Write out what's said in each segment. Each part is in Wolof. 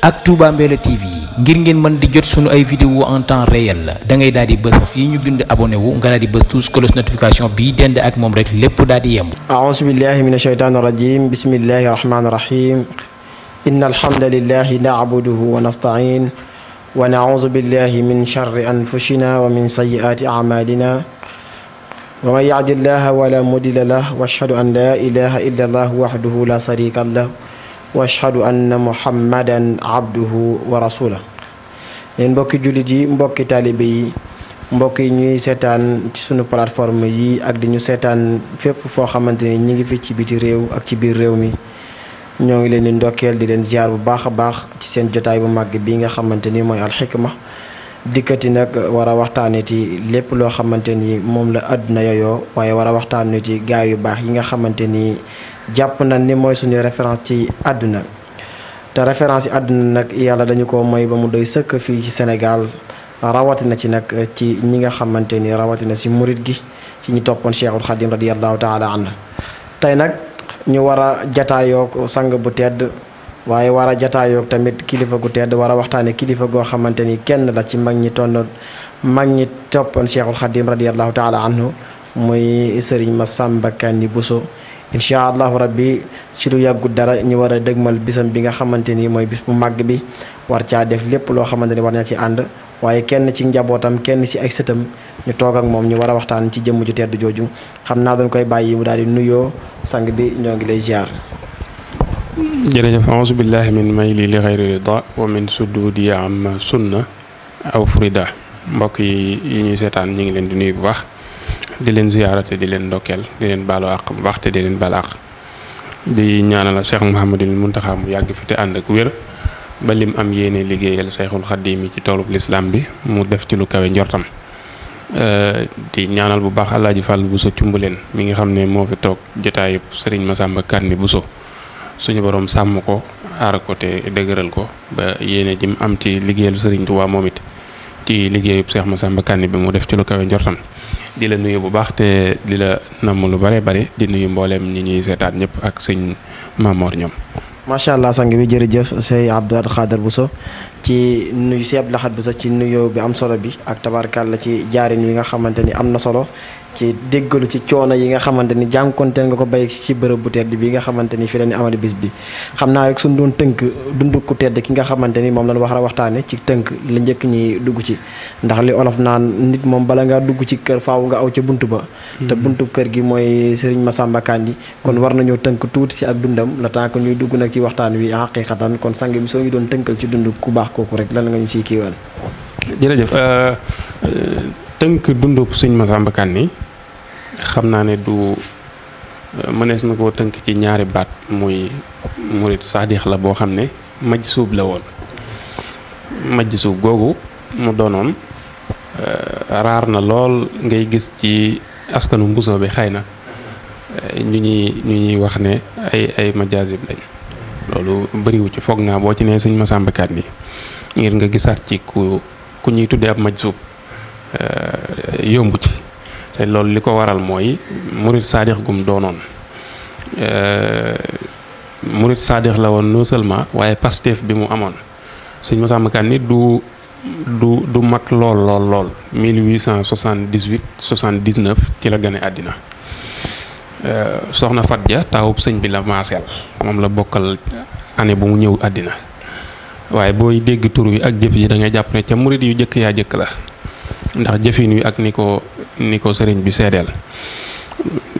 ak Touba Mbella TV ngir ngeen mën di jot sunu ay vidéo en temps réel da ngay daal di bës fii ñu bind abonné wu nga daal di bës tous cloche notification bii dend ak moom rek lépp daal di yem. aouzu billahi min ashaytaani rajim bismillahi rahmaani rahim inna alhamdulillahi na'buduhu wa nasta'in wa na'uuzu billahi min sharri anfusina wa min sayyi'aati a'malina wa man yahdillaha wa la mudilla lahu wa ashhadu an la ilaha illa allah wahdahu la sharika lahu wa ashhadu anna muhammadan abduhu wa rasula leen mbokki jullit yi mbokki taalibe yi mbokk yi ñuy seetaan ci sunu plateforme yi ak di ñu seetaan fépp foo xamante ni ñi ngi fi ci biti réew ak ci biir réew mi ñoo ngi leen di ndokkeel di leen jaar bu baax a baax ci seen jotaay bu màgg bi nga xamante ni mooy alxikma dikati nak wara waxtane ci lepp lo xamanteni mom la aduna yoyo waye wara waxtane ci gaay yu bax yi nga xamanteni japp jàpp ni moy suñu référence ci aduna ta référence ci aduna nag yalla dañu ko moy ba mu doy seuk fi ci Sénégal na ci nak ci ñi nga xamanteni rawati na ci mouride gi ci ñi topone Cheikhul Khadim radiyallahu taala anhu tay nak ñu wara sang bu tedd waaye war a jataayoog tamit kilifa gu tedd war a waxtaane kilifa goo xamante ni kenn la ci mag ñi tonn mag ñi toppoon cheikhul xadim radiallahu taala anhu muy sëriñ Massamba Kanni Bousso incha allahu rabbi ci lu yàggut dara ñu war a dëgmal bisam bi nga xamante ni mooy bis mu màgg bi war caa def lépp loo xamante ni war na ci ànd waaye kenn ci njabootam kenn ci ay sëtam ñu toog ak moom ñu war a waxtaan ci jëmm ju tedd jooju xam naa dañ koy bàyyi mu daal di nuyoo sang bi ñoo lay ziar. جلجف أعوذ بالله من ميلي لغير رضا ومن سدودي عما سنة أو فريدة مباكي يني سيطان نيغي لين دوني بوخ دي لين زيارتي دي لين دوكيل دي لين بالو أق بوخت دي لين بالاق دي نيانا الشيخ محمد المنتخى مو ياغي فتي عندك وير بلم أم ييني لغي في شيخ الخديمي تي طولب الإسلام بي مو دفتي لو كوي نجرتم دي نيانا البوخ الله جفال بوسو تيمبلين ميغي خمني مو في توك جتاي سرين مسامة كارني بوسو suñu borom sàmm ko aar ko te dëgëral ko ba yéene ji mu am ci liggéeyal Serigne waa moom it ci liggéeyub Cheikh Massamba Kanni bi mu def ci lu kawe njortam di la nuyu bu baax te di la namm lu bare bare di nuyu mbooleem ñi ñuy seetaan ñëpp ak sëñ Mamor ñoom. macha allah sang bi jërëjëf sëñ Abdou bu so ci nuyu seeb Abdou Khader Bousso ci nuyoo bi am solo bi ak tabarkàlla ci jaariñ wi nga xamante ni am na solo. ci déggalu ci coono yi nga xamanteni jankonté nga ko bay ci bërepp bu tedd bi nga xamanteni fi lañu amali bis bi xamna rek sun doon teunk dund ku tedd ki nga xamanteni mom moom lañ wax ra waxtane ci teunk la ñëk ñi dugg ci ndax li olof naan nit mom bala nga dugg ci kër faaw nga aw ci buntu ba te hmm. buntu kër gi moy Serigne Massamba Kandi kon war nañu teunk tuuti ci ak dundam la ta ko ñuy dugg nak ci waxtane wi haqiqatan kon sang bi ñu doon teunkal ci ku baax koku rek lan nga ñu ciy kiiwal jërëjëf euh, euh, tënk dundub sëñ Masamba Kanni xamna ne du euh, mënees nako koo tënk ci ñaari baat muy mourid saadix la bo xamne ne la won maj suub mu donon euh, rar na lol ngay gis ci askanu mbuso bi xayna euh, ñu ñi ñu ñi wax ne ay ay majazib lañ bari wu ci fogg na bo ci nee sëñ Masamba Kanni ngir nga gisat ci ku ku ñuy tuddé ab Eh, yombu ci té lool liko waral moy murit sadiq gum donon euh murit sadiq la won non seulement waye Pastef bi mu amone seigne moussa makani du du du mak lool lool lool 1878 79 ci la adina euh soxna fadja Ja seigne bi la marcel mom la bokal année bu mu ñëw àddina waaye booy dégg wi ak jëf yi da nga japp ne ca murit yu jëkk ya jëkk la ndax jëfin wi ak ni ko ni ko sëriñ bi seedeel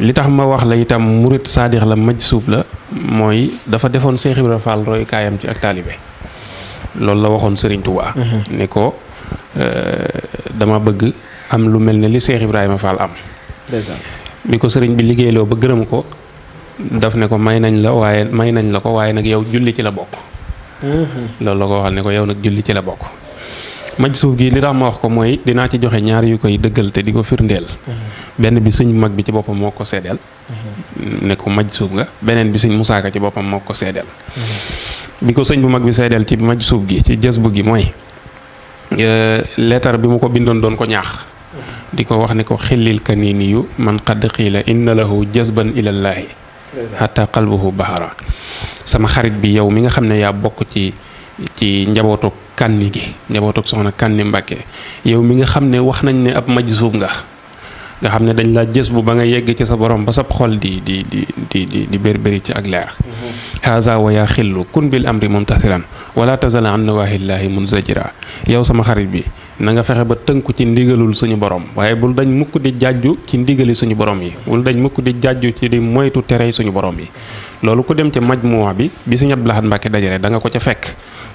li tax ma wax la itam murit saadix la maj suub la mooy dafa defoon Seex Ibra Fall ci ak taalibe loolu la waxoon sëriñ Tuubaa mhm. ni ko euh, dama bëgg am lu mel ne li Seex Ibrahima Fall am bi ko sëriñ bi liggéeyloo ba gërëm ko daf ne ko may nañ la waaye may nañ la ko waaye nag yow julli ci la bokk mhm. loolu la ko waxal ne ko yow nag julli ci la bokk maj suuf gi li tax wax ko moy dina ci joxe ñaar yu koy deugal te di firndel benn bi sëñ mag bi ci bopam moko ko ne ko maj suuf nga benen bi sëñ musa Ka ci bopam moko ko seedeel bi ko sëñ bu mag bi seedeel ci maj suuf gi ci jess bu gi mooy e, bi mu ko bindon don ko ñaax di ko wax ne ko khilil kanini yu man qad khila inna lahu jazban ilallaahi hatta qalbuhu bahara sama xarit bi yow mi nga xamne ya ti ci ci njabotou kanni gi njabootuk soxna kanni mbacke yow mi nga xamne ne wax nañ ne ab majzuum nga nga xamne dañ la jess bu ba nga yegg ci sa borom ba sa xol di di di di di berberi ci ak leer mhm. haza wa ya khillu kun bil amri mumtasiran wala tazal an nawahillaahi munzajira yow sama xarit bi na nga fexé ba tënku ci ndigalul suñu borom waye bul dañ mukk di jajju ci ndigali suñu borom yi bul dañ mukk di jajju ci di moytu téré suñu borom yi lolou ku dem ci majmua bi bi ñab laxat dajale da nga ko ci fekk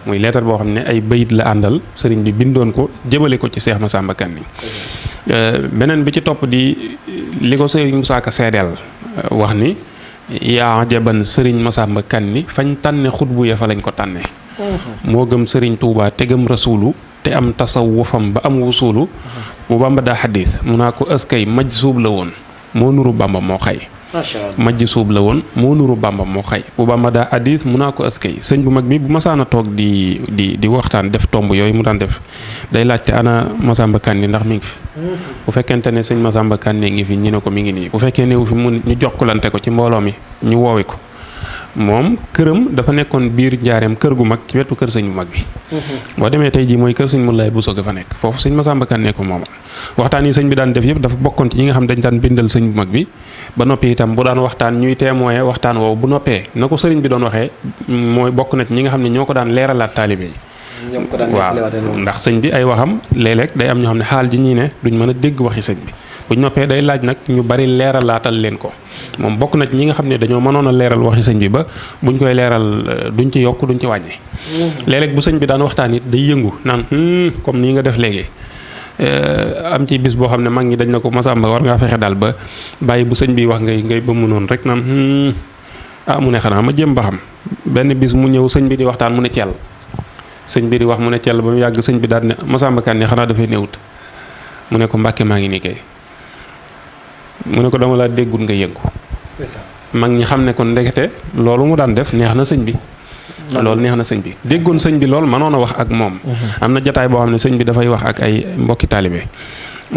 muy leetar boo xam ne ay bayit la àndal sëriñ bi bindoon ko jëmale ko ci Seex Masamba Kanni euh, beneen bi ci topp di li ko sëriñ Musaa Ka seedeel euh, wax ni yaa jaban sëriñ Masamba Kanni fañ tànne xutbu ya fa lañ ko tànne moo gëm sëriñ Tuubaa te gëm rasuulu te am tasawufam ba am wusuulu bu Bàmba daa xaddiis mu naa ko askay maj suub la woon moo nuru Bàmba moo xay soub la won mo nuru bamba mo xay bu bamba da hadith mu ko askay bu mag mi bu di di di waxtan def tombe yoy mu dan def day laajte ana Masamba Kanni ndax mi ngi fi bu fekente ne sëñ Masamba Kanni ngi fi ñi ko mi ngi ni bu ne wu fi mu ñu jokkulante ko ci mbolo mi ñu wowe ko mom kërëm dafa nekkon biir njaareem kër gu mag ci wetu kër señ bu mag bi bo démé tay ji moy kër señ Moulay bu soga fa Masamba Kanni ko mom waxtani señ bi dan def yeb dafa bokkon ci ñi nga xam dañ dan bindal señ bu mag bi ba noppi itam bu daan waxtaan ñuy témoin waxtaan woowu bu noppee na ko sëriñ bi doon waxee mooy bokk na ci ñi nga xam ne ñoo ko daan leeralaat taalibe yi waaw ndax sëñ bi ay waxam léeg day am ñoo xam ne xaal ji ñii ne duñ mën a dégg waxi sëñ bi buñ noppee day laaj nag ñu bari leeralaatal leen ko moom bokk na ci ñi nga xam ne dañoo mënoon a leeral waxi sëñ bi ba buñ koy leeral euh, duñ ci yokk duñ ci wàññi mm. léeg-léeg bu sëñ bi daan waxtaan it day yëngu naan hmm, comme nii nga def léegi Eh, am ci bis bo xamne ne mag ni dañ nako massa masamba war nga fexé dal ba bàyyi bu señ bi wax ngay ngay ba mu non rek naan hmm, ah mu ne xana ma jëm ba xam ben bis mu ñew señ bi di waxtaan mu ne ciel señ bi di wax mu ne ciel ba mu yàgg señ bi daal ne masamba kan ne xanaa dafay néewut mu ne ko mbacke ma ngi ni kay mu ne ko dama la déggul nga mag ni xamne kon ndekete lolu mu daan def neex na bi loolu neex na sëñ bi déggoon sëñ bi lool mënoon a wax ak moom mhm. am na jataay boo xam ne sëñ bi dafay wax ak ay mbokki taalibe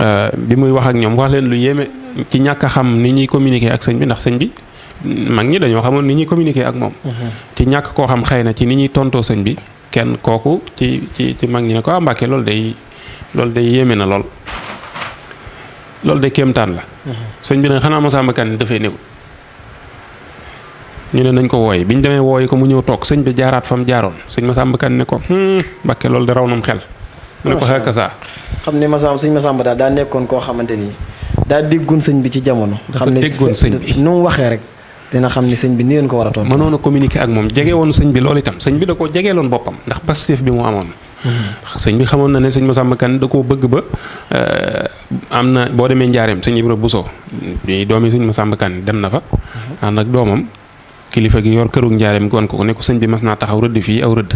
euh, bi muy wax ak ñoom wax leen lu yéeme ci ñàkk xam ni ñuy communiquer ak sëñ bi ndax sëñ bi mag ñi dañoo xamoon ni ñuy communiquer ak moom mhm. ci ñàkk koo xam xay na ci ni ñuy tontoo sëñ bi kenn kooku ci ci ci mag ñi ne ko ah Mbàkke loolu day loolu day yéeme na lool loolu de kéemtaan la mhm. sëñ bi nag xanaa Masamba Kan dafay néew ñu ne nañ ko wooyi bi ñu demee wooyi ko mu ñëw toog sëñ bi jaaraat fa mu jaaroon sëñ Massamba Kane ne ko hmm, Mbàkke loolu de raw nam xel. mu ne ko xekk saa. xam ne Massamba sëñ daal nekkoon koo xamante ni daa déggoon sëñ bi ci jamono. xam ne déggoon sëñ bi nu waxee rek. dina xam ne sëñ bi ni leen ko war a toon mënoon a communiquer jege woon sëñ bi loolu itam sëñ bi da koo jegeeloon boppam ndax pastif hmm. bi xamoon na ne sëñ Massamba Kane da koo bëgg ba eh, am na boo demee Njaareem sëñ Ibra Bousso doomi sëñ Massamba Kane dem na fa hmm. ànd ak doomam kilifa gi yor këru njaareem gi wan ko ko ne ko sëñ bi mas naa taxaw rëdd fii aw rëdd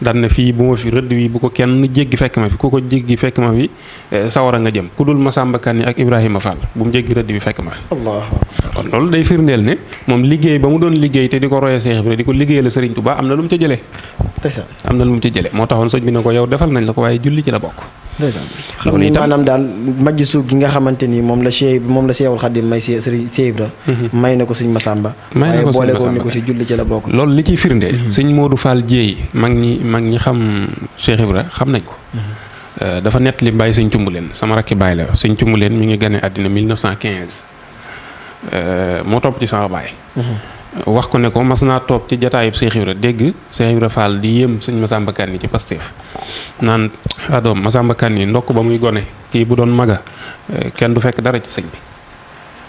daan na fii bu ma fi rëdd wi bu ko kenn jéggi fekk ma fi ko ko jéggi fekk ma fi eh, sawara nga jëm ku dul Masamba Kanni ak Ibrahima Fall bu mu jéggi rëdd fekk ma fi. kon loolu day firndeel ne moom liggéey ba mu doon liggéey te di ko royee Seex Ibra di ko liggéeyal Sëriñ Tuubaa am na lu mu ca jëlee. am na lu mu ca jëlee moo taxoon sëñ bi ne ko yow defal nañ la ko waaye julli ci la bokk. loolu itam maanaam daal suuf gi nga xamante ni moom la Cheikh moom la Cheikhul Khadim may Cheikh Ibra mhm. may na ko sëñ Massamba may na ko boole ko ni ko si julli ci la bokk loolu li ciy firnde mhm. sëñ Modou Fall Dieye mag ñi mag ñi xam Cheikh Ibra xam nañ ko mhm. euh, dafa nett li bàyyi sëñ leen sama rakki bàyyi la sëñ leen mu ngi gane àddina 1915 euh, moo topp ci sama bàyyi wax ko ne ko mas naa toog ci jataayub Cheikh Ibra dégg Cheikh Ibra di yéem sëñ Massamba Kanni ci Pastef naan adoom Massamba Kanni ndokk ba muy gone kii bu doon maga eh, kenn du fekk dara ci sëñ bi.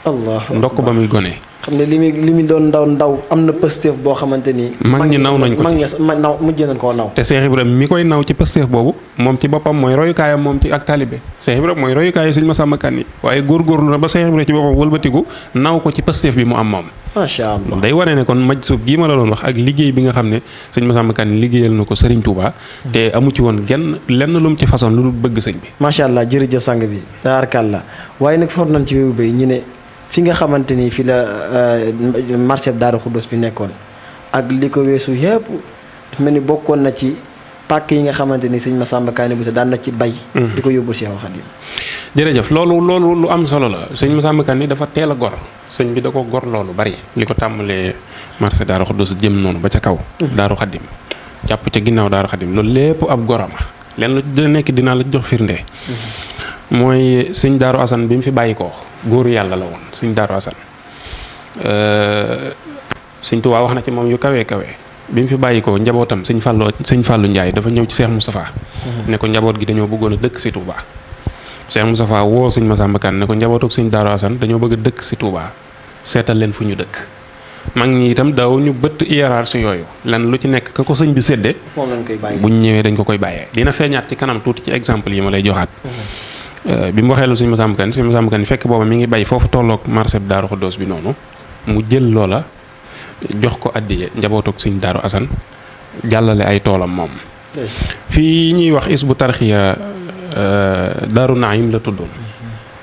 Allah ndokk ba muy gone. xamne limi limi don ndaw ndaw amna pastef bo xamanteni xamante mag ñi naw nañ ko ci mag naw mujj nañ ko naw. te Cheikh ibrahim mi koy naw ci pastef bobu mom ci bopam moy royu kayam mom ci ak talibé Cheikh ibrahim Ibrahima mooy royukaayu suñu Massamba Kanni yi gor góorgóorlu na ba Cheikh ibrahim ci bopam wëlbatiku naw ko ci pastef bi mu am mom macha allah day wone ne kon maj suuf gii ma la doon wax ak liggéey bi nga xamne seigne massa makani Kanni liggéeyal na Serigne Touba te amu ci won genn lenn lu mu ci façon lu bëgg seigne bi. macha allah jërëjëf sang bi tarakallah waye nak for ci wéyu bay ñi ne fi nga xamante ni fi la euh, marché Daaru Xuddus bi nekkoon ak li ko weesu yëpp mel ni bokkoon na ci pàkk yi nga xamante ni sëñ Massamba Kanni Bousso daan na ci bay mm-hmm. di ko yóbbu Seexu Xaadim jërëjëf loolu loolu lu am solo la sëñ Massamba Kanni dafa teel a gor sëñ bi da ko gor loolu bari li ko tàmbalee marché Daaru Xuddus jëm noonu ba ca kaw mm-hmm. Daaru Xaadim jàpp ca ginnaaw Daaru Xaadim loolu lépp ab gorama leen lu nekk dinaa la jox firnde mm-hmm. mooy sëñ Daaru bi mu fi bàyyi ko góoru yàlla la woon suñ Darou Assane suñ Tuubaa wax na ci moom yu kawee kawee bi mu fi bàyyi ko njabootam suñ Fallou sëñ Fallou Ndiaye dafa ñëw ci Cheikh Moustapha mhm. ne ko njaboot gi dañoo bëggoon a dëkk si Touba. Cheikh woo sëñ Massamba Kane ko njabootuk sëñ Darou Assane dañoo bëgg a dëkk si Touba seetal leen fu ñu dëkk mag ñi itam daaw ñu bëtt hiérarchie yooyu lan lu ci nekk ka ko sëñ bi séddee buñ ñëwee dañ ko koy bàyyee dina feeñaat ci kanam tuuti ci exemple yi ma lay joxaat mhm. Euh, bi mu waxee loolu suñu Masamba Kanni suñu Masamba Kanni fekk booba mi ngi bay foofu tolloog marché bi Daaru Xuddoos bi noonu mu jël loola jox ko addiye njabootoog suñ Daaru Asan jàllale ay toolam moom fii ñuy wax is bu tarxiya euh, Daaru Naim la tuddoon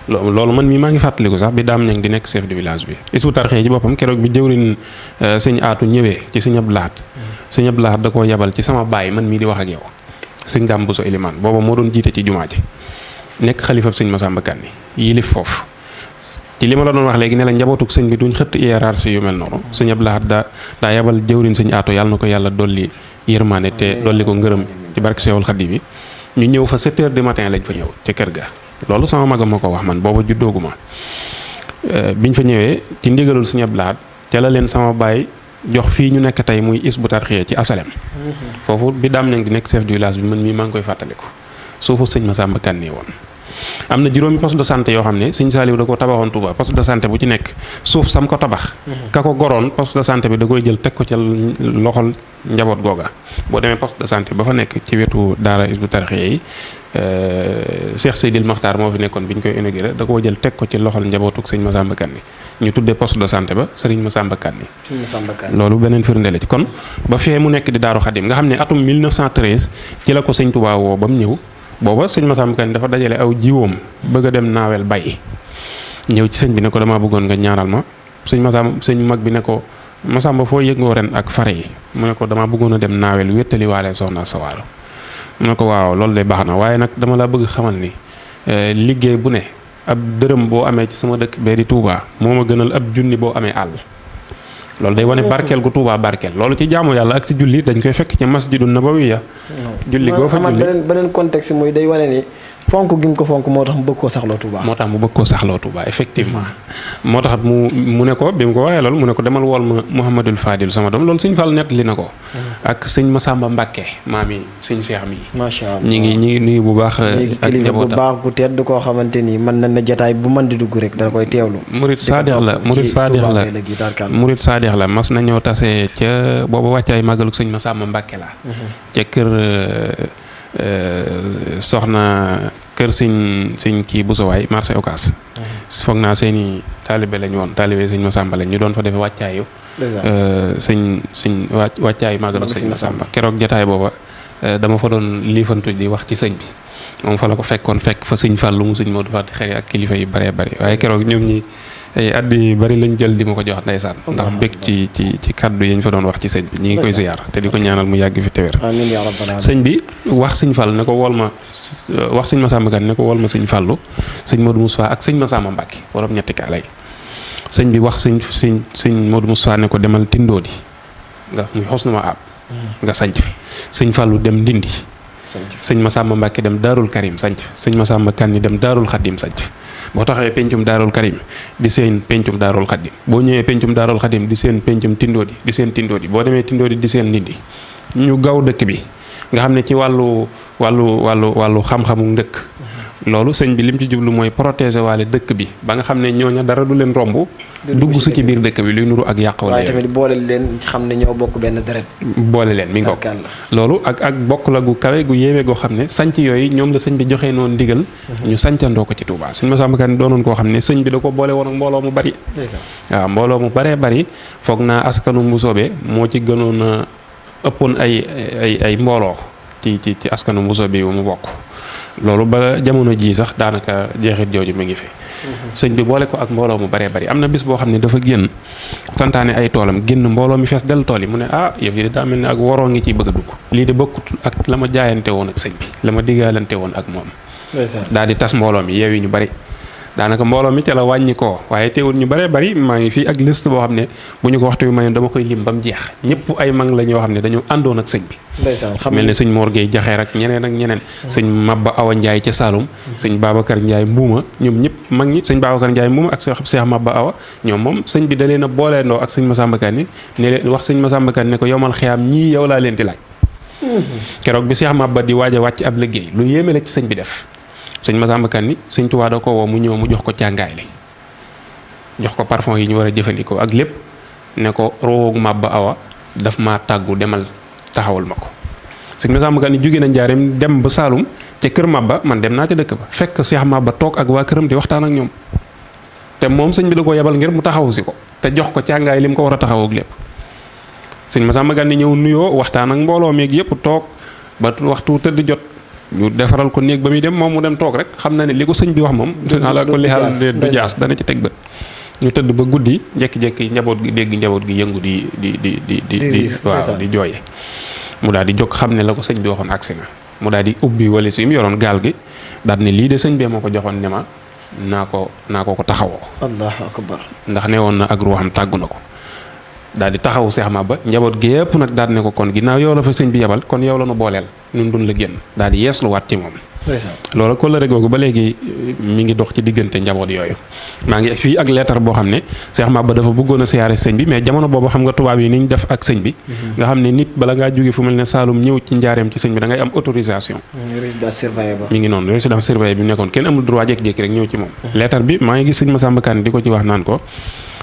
loolu man mii maa ngi fàttaliku sax bi daam ñang di nekk chef de village bi is bu yi ci boppam keroog bi jëwrin euh, suñ aatu ñëwee ci suñ ab laat suñ ab laat da koo yabal ci sama baay man mii di wax ak yow suñ daam so ilimaan booba moo doon jiite ci jumaa ji nek khalifa seigne massa Kanni yilif fof ci lima la doon wax legui ne la njabotuk seigne bi duñ xëtt hiérarchie yu mel noonu seigne abdallah da da yabal jëwriñ seigne ato yalla nako yalla doli yermane te doli ko ngeureum ci barke Seexul Xadiim bi ñu ñew fa 7 h du matin lañ fa ñew ci kër ga lolu sama magam mako wax man booba juddooguma euh, biñ fa ñewé ci ndigalul seigne abdallah te la len sama bay jox fi ñu nek tay muy is bu ci asalem mhm. fofu bi dam nañ di nek chef du village bi man mi mang koy koy ko suufu seigne massa Kanni won am na juróomi poste de santé yoo xam ne sëñ Saaliw da ko tabaxoon Touba poste de santé bu ci nekk suuf sam ko tabax ka ko goroon poste de santé bi da koy jël teg ko ca loxol njaboot googa boo demee poste de santé ba fa nekk ci wetu daara Hizbut Tarqiyyah yi euh, Cheikh Seydil Makhtar moo fi nekkoon bi ñu koy inauguré da koo jël teg ko ci loxol njabootuk sëñ Massamba Kanni ñu tuddee poste de santé ba sëriñ Serigne Massamba Kanni loolu beneen firnde la ci kon ba fee mu nekk di Daaru Xadim nga xam ne atum 1913 ci la ko sëñ Touba woo ba mu ñëw booba sëñ Masamba Kanni dafa dajale aw jiwoom bëgg a dem naawel bay ñëw ci sëñ bi ne ko damaa bëggoon nga ñaanal ma sëñ Masamba sëñ mag bi ne ko Masamba foo yëngoo ren ak fare yi mu ne ko dama bëggoon a dem naawel wéttali waale soxna sa waalo mu ne ko waaw loolu de baax na waaye nag dama laa bëgg xamal ni eh, liggéey bu ne ab dërëm boo amee ci sama dëkk bee di Touba moo ma gënal ab junni boo amee àll loolu day wane barkeel gu Touba barkeel loolu ci jaamu yàlla ak ci julli dañ koy fekk ci masjidu nabawiya hmm. julli goo fa julli beneen beneen mooy muy day wane ni fonk gim ko fonk motax mu bëgg ko saxlo Touba. motax mu bëgg ko saxlo Touba effectivement motax mu mu ne ko bim ko waxe lol mu ne ko demal wol ma Mouhamadul Fadil sama dom lol seigne Fall net li nako mm. ak seigne Massamba Mbacke mami seigne Cheikh mi. macha allah ñu ngi ñi ngi nuyu bu baax. ak njabootam bu baax ku tedd ko xamanteni man na na jotaay bu man di dugg rek da koy tewlu murit saadix la murit saadix la murit saadix la mas nañoo tase ca booba wàccaay màggaluk seigne Massamba Mbacke la mm-hmm. ci kër euh, euh, soxna kër sëñ sëñ kii bu sowaay marché Ocass mhm. foog naa seen i taalibe woon taalibe sëñ Masamba lañ ñu doon fa defee wàccaayu euh, sëñ sëñ wàcc wàccaayu màggal ak sëñ Masamba keroog jataay booba euh, dama fa doon liifantu di wax ci sëñ bi moom fa la ko fekkoon fekk fa sëñ Fàllu mu sëñ Modou Fati xëy ak kilifa yu bëree bëri waaye keroog ñoom ñi ay at bi bari lañ jël di ma ko jox ndeysaan ndax bég ci ci ci kaddu yi ñu fa doon wax ci sëñ bi ñu ngi koy ziyaar te di ko ñaanal mu yàgg fi téwér sëñ bi wax sëñ Fall ne ko wol ma wax sëñ Masamba Kan ne ko wol ma sëñ Fallu sëñ Modou Moussa ak sëñ Masamba Mbàkke borom ñetti kaala yi sëñ bi wax sëñ sëñ sëñ Modou Moussa ne ko demal tindoo di nga muy xos na ma aab hmm. nga sanc fi sëñ Fallu dem ndindi sëñ ma Masamba Mbàkke dem daarul Karim sanc fi sëñ Masamba Kan ni dem daarul Xadim sanc fi boo taxawee pencum daarul karim di seen pencum daarul xadim boo ñëwee pencum daarul xadim di seen pencum tindoodi di seen tindoodi boo demee tindoodi di seen nit yi ñu gaaw dëkk bi nga xam ne ci wàllu wàllu wàllu wàllu xam-xamu ndëkk loolu sëñ bi lim ci jublu mooy protéger waale dëkk bi ba nga xam ne ñoo ñooña dara du leen romb. dugg su ci biir dëkk bi luy nuru ak yàq. wala waaye tamit boole leen xam ne bokk benn deret. boole leen mi ngi ko loolu ak ak bokk la gu kawe gu yéeme goo xam ne sanc yooyu ñoom la sëñ bi joxee noonu ndigal. Mhm. ñu sancandoo ko ci Touba suñu Massamba Kanni doonoon koo xam ne sëñ bi da ko boole woon ak mbooloo mu bari. waaw mbooloo mu baree bari foog naa askanu Mboussobé moo ci gënoon a ëppoon ay ay mbooloo ci ci ci askanu Mboussobé bi mu bokk loolu ba jamono jii sax daanaka jeexit jooju mu ngi fi. Mhm. sëñ bi boole ko ak mbooloo mu baree bari am na bis boo xam ne dafa génn santaane ay toolam génn mbooloo mi fees dell tool yi mu ne ah yëf yi daa mel ne ak waroo ngi ciy bëgg a dugg. lii de bokkut ak la ma jaayante woon ak sëñ bi la ma digaalante woon ak moom. daal di tas mbooloo mi yi ñu bari. daanaka mbooloo mi ca la wàññi waaye teewul ñu bëree bëri maa ngi fii ak list boo xam ne bu ñu ko waxtu bi mayoon dama koy lim ba mu jeex ñëpp ay mag la ñoo xam ne dañoo àndoon ak sëñ bi mel ne sëñ Mor Gueye Jaxeer ak ñeneen ak ñeneen sëñ ba Awa njaay ca Saloum sëñ Babacar Ndiaye Mbuuma ñoom ñëpp mag ñi sëñ Babacar Ndiaye Mbuuma ak Cheikh Cheikh Mabba Awa ñoom moom sëñ bi da leen a booleendoo ak sëñ Massamba Kanni ne leen wax sëñ Massamba Kanni ne ko yomal xiyaam ñii yow laa leen di laaj mhm. keroog bi Cheikh Mabba di waaj a wàcc ab liggéey lu yéeme la ci bi def sëñ Masamba Kanni sëñ Tuubaa da ko wo mu ñëw mu jox ko càngaay li jox ko parfum yi ñu war a ak lépp ne ko roog màbba awa daf maa tàggu demal taxawal ma ko sëñ Masamba Kanni jóge na njaareem dem ba Saalum ca kër màbba man dem naa ca dëkk ba fekk Seex ak di waxtaan ak ñoom te moom sëñ bi da ko yebal ngir mu taxaw si ko te jox ko càngaay li mu ko war a taxaw ak lépp sëñ Masamba Kanni ñëw nuyoo waxtaan ak ba waxtu jot ñu defaral ko néeg ba muy dem moom mu dem toog rek xam na ne li ko sëñ bi wax moom. ala ko lixal du jaas dana ci teg bët. ñu tëdd ba guddi jekki-jekki njaboot gi dégg njaboot gi yëngu di di di di di di waaw di jooye mu daal di jog xam ne la ko sëñ bi waxoon agsi na mu daal di ubbi wala si mu yoroon gaal gi daal ne lii de sëñ bee moo ko joxoon ne ma naa ko naa ko ko taxawoo. allahu ndax ne woon na ak ruuxam tàggu na ko daal di taxawu Seex Maba njaboot gi yëpp nag daal ne ko kon ginnaaw yow la fa sëñ bi yebal kon yow la nu booleel nun dun la génn daal di yeesluwaat ci moom. loolu eh, ak boo xam ne Seex Maba dafa bëggoon a siyaare sëñ bi mais jamono boobu xam nga tubaab yi ni ñu def ak mhm. mm, ci moom mhm. leetar bi maa ngi gis sëñ Masamba Kan di ko ci wax naan ko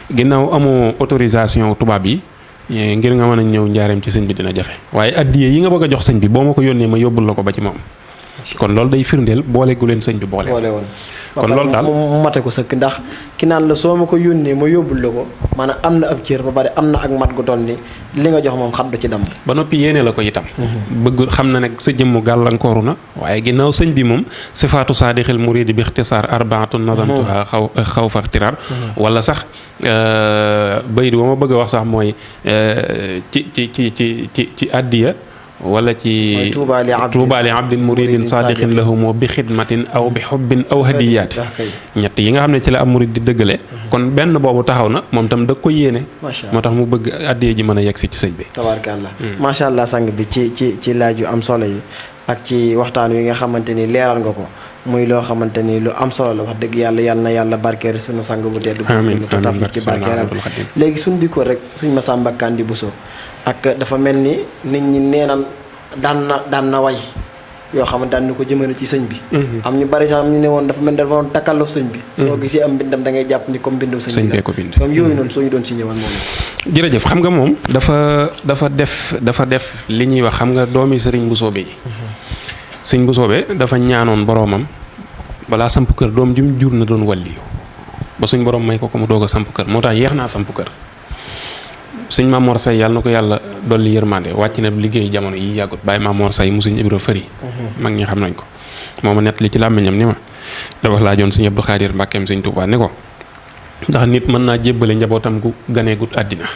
ginnaaw amoo autorisation tubaab yi eh, ngir nga mën a ñëw njaareem ci sëñ bi dina jafe waaye addiye yi nga bëgg a jox sëñ bi boo ma ko yónnee ma yóbbul la ko ba ci moom kon loolu day firndeel boole gu leen sëñ bi boole. boole woon kon loolu daal mu mate ko sëkk ndax ki naan la soo ma ko yónnee ma yóbbul la ko maanaam am na ab cër ba pare am na ak mat ko toll ni li nga jox moom xaddu ci dam ba noppi yéene la ko itam. Mhm. bëgg xam na nag sa jëmmu gàllankooru na waaye ginnaaw sëñ bi moom sifaatu saadixil muridi bi ixtisaar arbaatu nazamtuha mhm. xaw xaw fa ixtiraar mhm. wala sax euh, bayit wa ma bëgg a wax sax mooy euh, ci ci ci ci ci ci addiya wala ci tuuba li abdin muridin Sadiq, lahum wa bi xidmatin aw bi xubbin aw hadiyaati ñett yi nga xam ci la am murid di mhm. kon benn boobu taxaw na moom tam da ko yéene moo tax mu bëgg addiyee ji mën a ci sëñ bi mm. allah sang bi ci ci ci laaj am solo yi ak ci waxtaan wi nga xamante ni leeral nga ko muy loo xamante lu am solo la wax dëgg yàlla yal na yàlla barkeer sunu sang bu ci barkeeram ak dafa mel ni nit ñi neenan daan na daan na way yoo xam ne daan na ko jëmale ci sëñ bi. Mhm. am ñu bari sax ñu ne woon dafa mel ni dafa doon takkaloo sëñ bi. Mhm. soo gisee am mbindam dangay ngay jàpp ni comme mbindam sëñ bi la ko bind comme yooyu mhm. noonu soo ñu doon si ñëwal jërëjëf xam nga moom. dafa dafa def dafa def li ñuy wax xam nga doomi sëriñ bu soobee sëñ bu soobee dafa ñaanoon boroomam balaa samp kër doom jum jur na doon walliyu ba suñ borom may ko ko mu doog a samp kër moo tax yéex naa samp kër. ma mor Say yalla nako yalla doli yermande wacc na liggey jamono yi yàggut ma mor Say mu sëñ Ibra Fëri mhm. mag ñi xam nañ ko moma ma li ci làmmiñam ni ma la joon sëñ Abdou Khadir mbakem sëñ touba ne ko ndax nit man na jébbale njabotam gu gut adina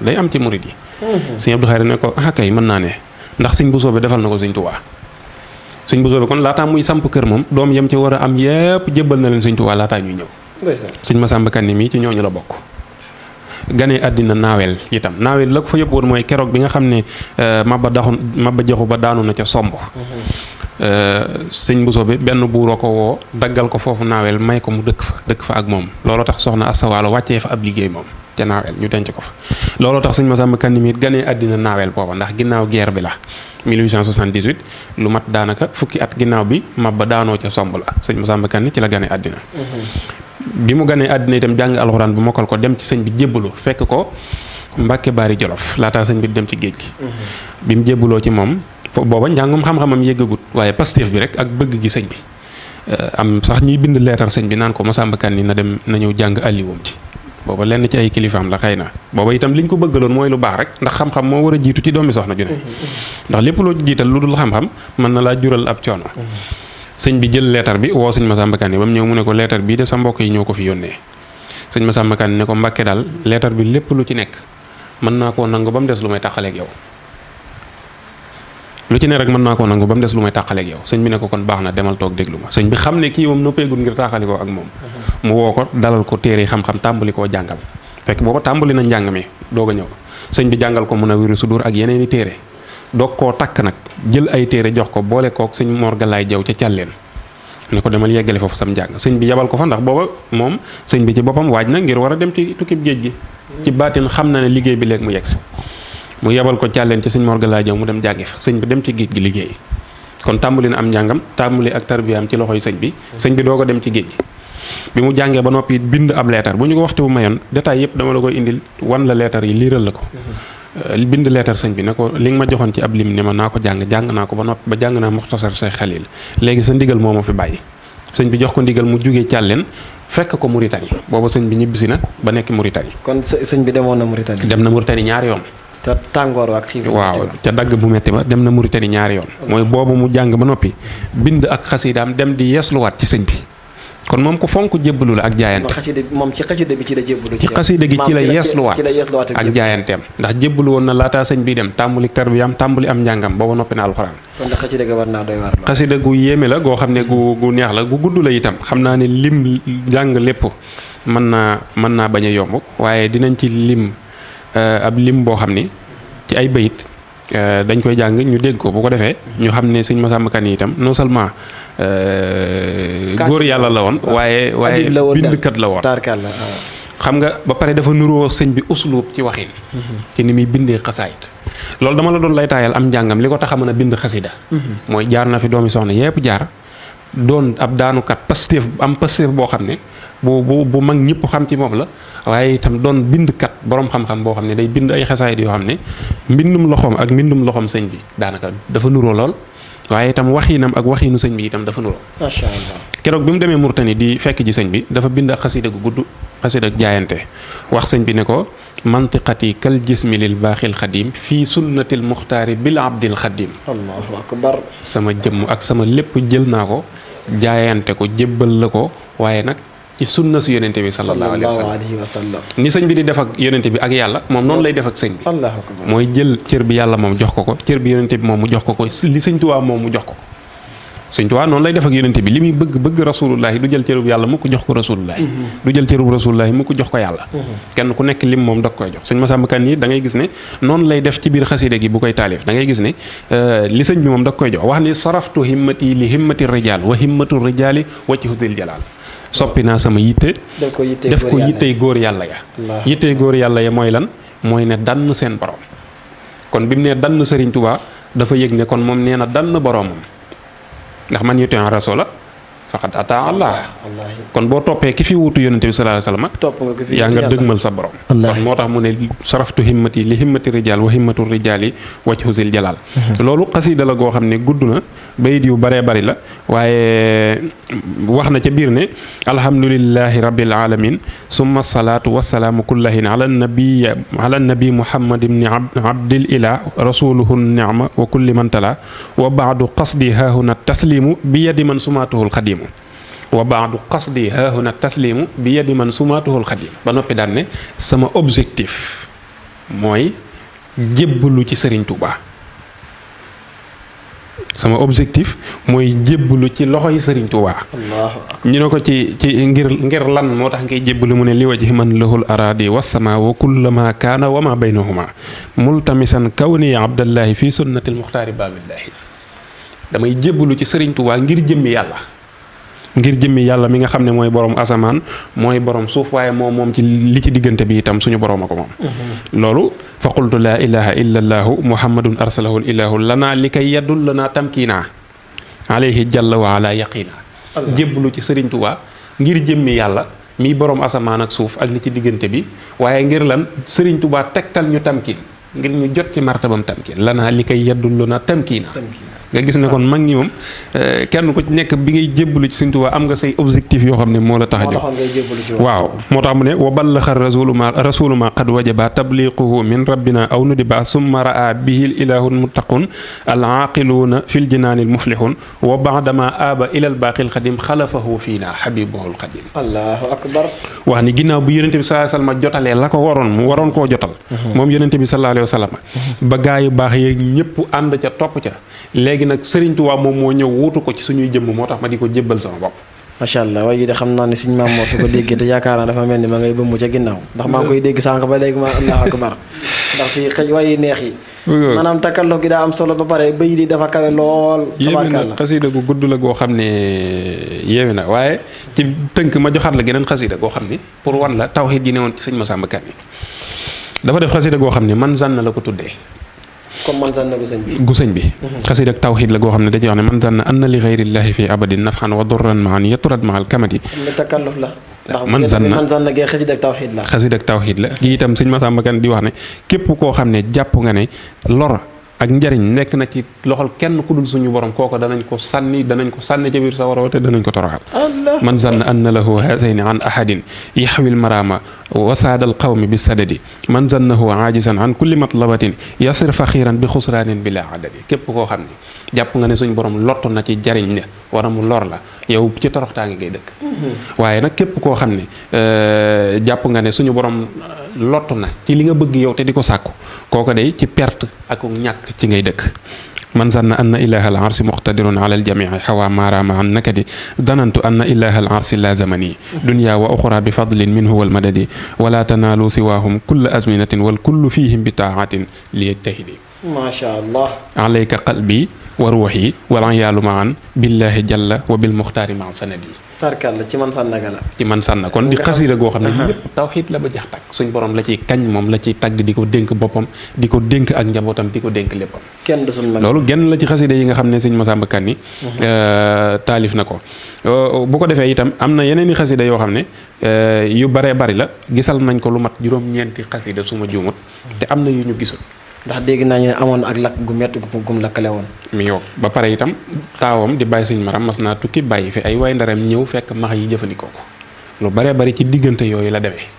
lay am ci mourid yi mhm. sëñ Abdou Khadir ne ko ah kay man na ne ndax sëñ bu soobee defal nako ko touba Tuubaa bu soobee kon laataa muy samp kër mom dom yam ci wara am yépp jébbal na leen la ta laataa ñuy ñëw sëñ ma Kanni kanimi ci ñu la bokk gané adina nawel itam nawel lako fa yëpp woon moy keroog bi nga xamné mabba daxon mabba jaxu ba daanu na ca somb sëñ Bousso bi benn buuroo ko woo daggal ko foofu naaweel may ko mu dëkk fa dëkk fa ak moom looloo tax soxna asawaalo wàccee fa ab ñu denc ko fa tax ndax guerre bi la 1878 lu mat fukki at ginnaaw bi mabba daanoo ca somb la Kanni ci la bi mu ganee àddina itam jang alcorane bu mokal ko dem ci sëñ bi djeblo fekk ko mbacke bari Jolof lata sëñ bi dem ci geej mhm. bi mu djeblo ci mom boba jangum xam-xamam yeggagut waye pastéef bi rek ak bëgg gi sëñ bi eh, am sax ñuy bind lettre sëñ bi nan ko Masamba Kanni na dem na jang ali wum ci. boba lenn ci ay kilifaam la xeyna boba itam liñ ko bëggaloon moy lu baax rek ndax xam-xam mo wara jitu ci doomi soxna ju ne mhm. ndax lepp lo jital lu xam-xam man na la jural ab coono. Mhm sëñ bi jël bi wo sëñ masam Kanni wam nyong ñëw mu ko letter bi de sa mbokk yi ko fi ne. sëñ Masamba Kanni ne ko Mbàkke dal letter bi lépp lu ci nekk mën naa nang nangu ba mu des lu may tàqaleeg yow lu ci ne rek mën naa nang nangu ba des yow bi ko kon baax na demal toog déglu ma bi xam ne kii moom noppeegul ngir go ak mom mu wo ko dalal ko téere xam-xam ko koo jàngal fekk booba tàmbali na njàng mi doog a bi jangal ko mun sudur ak yeneen i doog koo takk nag jël ay téere jox ko boole kook sëñ Mor Galaay Jaw ca càlleen ne ko demal yeggale foofu sam njàng sëñ bi yebal ko fa ndax booba moom sëñ bi ci boppam waaj na ngir war a dem ci tukkib géej gi ci baatin xam na ne liggéey bi léegi mu yegsi mu yebal ko càlleen ci sëñ Mor Galaay mu dem jàngi sëñ bi dem ci géej gi liggéey kon tàmbali na am njàngam tàmbali ak tarbiyaam ci loxoy sëñ bi sëñ bi doo ko dem ci géej gi bi mu jàngee ba noppi bind ab leetar bu ñu ko waxtu bu mayoon détail yëpp dama la koy indil wan la leetar yi liiral la ko Euh, bind leetar sëñ bi ne ko li nga ma joxoon ci ab lim ne ma naa ko jàng jàng naa ko ba noppi ba jàng naa muxtasar say xalil léegi sa ndigal moo ma fi bàyyi sëñ bi jox ko ndigal mu jugee càlleen fekk ko Mauritanie booba sëñ bi ñibbisi na ba nekk Mauritanie. kon sëñ bi demoon na Mauritanie. dem na Mauritanie ñaari yoon. te tàngoor ak xiif waaw ca dagg bu metti ba dem na Mauritanie ñaari yoon. mooy boobu mu jàng ba noppi bind ak xasidaam dem di yeesluwaat ci sëñ bi. kon moom ku fonk jébbalu la ak jaayante moom ci xasida bi ci la jébbalu ci xasida gi ci la yeesluwaat ak jaayanteem ndax jébbalu woon na laataa sëñ bii dem tàmbali tarbiyaam tàmbali am njàngam boobu noppi na alxuraan kon ndax xasida war naa doy waar xasida gu yéeme la goo xam ne gu gu neex la gu gudd la itam xam naa ne lim jàng lépp mën naa mën naa bañ a yomb waaye dinañ ci lim euh, ab lim boo xam ni ci ay bayit euh, dañ koy jàng ñu dégg ko bu ko defee ñu xam ne sëñ Masamba Kan itam non seulement euh, góor yàlla la woon waaye waaye bindkat la woon xam nga ba pare dafa nuroo sëñ bi uslub ci waxin mhm. ci ni muy bindee xasaayit loolu dama la doon lay taayal am njàngam li ko tax a mën a bind xasida mhm. mooy jaar na fi doomi soxna yépp jaar doon ab daanukat pasteef am pasteef boo xam ne bu bu bu mag ñëpp xam ci moom la waaye itam doon kat boroom xam-xam boo xam ne day bind ay xasaayit yoo xam ne mbindum loxoom ak mbindum loxoom sëñ bi daanaka dafa waye tam waxinam ak waxinu sëñ bi tam dafa nuro machallah kérok bimu démé Mourtani di fekk ji sëñ bi dafa bind ak gu gudd xasida jayante wax sëñ bi neko mantiqati kal jismi lil baaxil xadim fii sunnatil mukhtar bil abdil khadim allahu akbar sama jëm ak sama lépp jël nako jayante ko jébal lako waye nak ci sunna si yonente bi sallallahu alayhi wa sallam ni sëñ bi di def ak yonente bi ak yàlla moom noonu lay def ak sëñ bi mooy jël cër bi yàlla moom jox ko ko cër bi yonente bi moom ko ko li sëñ Tuubaa noonu lay def ak yonente bi li muy bëgg bëgg rasulullahi du jël cërub yàlla mu ko jox ko rasulullahi mm-hmm. du jël cërub rasulullahi mu ko jox ko yàlla mm-hmm. kenn ku nekk lim moom da koy jox sëñ Masamba Kan yi da gis ne noonu lay def ci biir xaside gi bu koy taalif da gis ne euh, li sëñ bi soppi naa sama yitte def ko yittey góor yàlla ya yittey góor yàlla ya mooy lan mooy ne dann seen borom kon bi mu ne dann Serigne Touba dafa yëg ne kon moom nee na dann boromam ndax man yu ten raso la faqad ataa allah kon boo toppee ki fi wuutu yonente bi sallallahu alayhi wasallam topp nga ki fi yaa nga dëgmal sa borom kon moo tax mu ne saraftu himmati li himmati rijal wa himmatu rijal yi wajhu zil jalal mhm. loolu xasida la goo xam ne gudd na bayit yu baree bari la waaye wax na ca biir ne alhamdulillahi rabbil alamin summa salaatu wasalaamu kullahin ala nabi ala nabi muhammad ibni abdil ilah rasuluhu ni'ma wa kulli man tala wa baadu qasdi haahuna taslimu bi yadi man sumaatuhul xadimu وبعد قصدي ها هنا التسليم بيد من سماته الخديم بنوبي داني سما اوبجيكتيف موي جيبلو سي سيرن توبا سما اوبجيكتيف موي جيبلو سي لوخوي سيرن توبا الله ني نكو سي سي غير غير لان موتاخ كي جيبلو من لي وجه من له الاراد والسماء وكل ما كان وما بينهما ملتمسا كوني عبد الله في سنه المختار باب الله damay djeblu ci serigne touba ngir djem yalla ngir jëmmé yàlla mi nga xamné moy borom asaman moy borom suuf waye mom mom ci li ci digënté bi itam suñu borom ak mom lolu fa qultu la ilaha illa allah muhammadun arsalahu ilahu lana likay kay yaddul lanaa alayhi jalla wa ala yaqina djeblu ci serigne touba ngir jëmmé yàlla mi borom asaman ak suuf ak li ci digënté bi waye ngir lan serigne touba tegtal ñu tamkiin ngir ñu jot ci martabam tamkiin lana likay kay yaddul tamkina nga gis ne kon ah. mag ñi moom eh, kenn ku ci nekk bi ngay jébbalu ci Sëriñ Tuubaa am nga say objectif yoo xam ne moo la tax a jóg waaw moo tax mu ne wa ballaxa rasulu ma rasulu ma qad a tabliquhu min rabbina aw nudiba summa raa bihil ilahun muttaqun al aaqiluuna fil jinaanil muflihun wa baadama aaba ilal baaqil xadim xalafahu fiina xabibuhul xadim allahu akbar wax ni ginnaaw bu yonente bi sallallahu alayhi wa sallam jotalee la ko waroon mu waroon koo jotal mhm. moom yonente bi la alayhi wa sallam mhm. ba gaa yu baax yeeg ñëpp ànd ca topp ca léegi nag Serigne Touba moom moo ñëw wutu ko ci suñuy jëmm moo tax ma di ko jébbal sama bopp macha allah waaye yi de xam naa ne suñu maam moo su ko déggee te yaakaar naa dafa mel ni ma ngay bëmm ca ginnaaw ndax maa ngi koy dégg sànq ba léegi ma allahu akbar ndax si neex yi maanaam takkaloo gi daa am solo ba pare bëy di dafa kawe lool yéeme na xasida gu gudd la goo xam ne yéeme na waaye ci tënk ma joxaat la geneen xasida goo xam ne pour wan la tawxiid yi ne woon ci sëñ Masamba Kanni dafa def xasida goo xam ne man zànn la ko tuddee comme man zanna gu sëñ bi gu sëñ bi xasida ak tawxiid la goo xam ne dañuy fi abadin nafxan wa durran maan yaturat maal kamati takalluf la man zanna man zanna gee xasida ak tawxiid la xasida ak tawxiid la gi itam sëñ Masamba Kan di wax ne képp koo xam ne jàpp nga ne lor ak njariñ nekk na ci loxol kenn ku dul suñu borom kooko danañ ko sànni danañ ko sànni ca biir sa waroote danañ ko toroxal man zanna anna lahu haasayni an ahadin yaxwil marama wasaada alqawmi bi sadadi man zannahu aajisan an kulli matlabatin yasir faxiran bi xusraanin bi laa adadi képp koo xam ne jàpp nga ne suñ borom lottu na ci jariñ la wara mu lor la yow ci toroxtaange ngay dëkk waaye nag képp koo xam ne jàpp nga ne suñu borom lottu mm-hmm. euh, euh, na ci li nga bëgg yow te di ko sàkku kooko day ci perte ak ñàkk ci ngay dëkk من ظن أن إله العرش مقتدر على الجميع حوى ما رام عن نكد ظننت أن إله العرش لازمني دنيا وأخرى بفضل منه والمدد ولا تنالوا سواهم كل أزمنة والكل فيهم بطاعة ليجتهد ما شاء الله عليك قلبي وروحي والعيال معا بالله جل وبالمختار مع سندي tarkal la ci man sànnaga la ci man sànna kon di xasiida goo xam ne lépp tawxiit la ba jeex tàkk suñ borom la ciy kañ moom la ciy tàgg di ko dénk boppam di ko dénk ak njabootam di ko dénk léppam kenn du suñ loolu genn la ci xasiida yi nga xam ne sëñ Masamba Kanni euh, taalif na ko euh, bu ko defee itam am na yeneen i xasiida yoo xam ne euh, yu baree bari la gisal nañ ko lu mat juróom-ñeenti xasiida su ma juumut te am na yu ñu gisul ndax dégg naa ñu ne amoon ak lakk gu métti gum lakkale woon mu ngi ba pare itam taawam di bàyyi suñu maram mas naa tukki bàyyi fi ay way ndaram ñëw fekk max yi jëfandikoo ko lu bare bari ci diggante yooyu la demee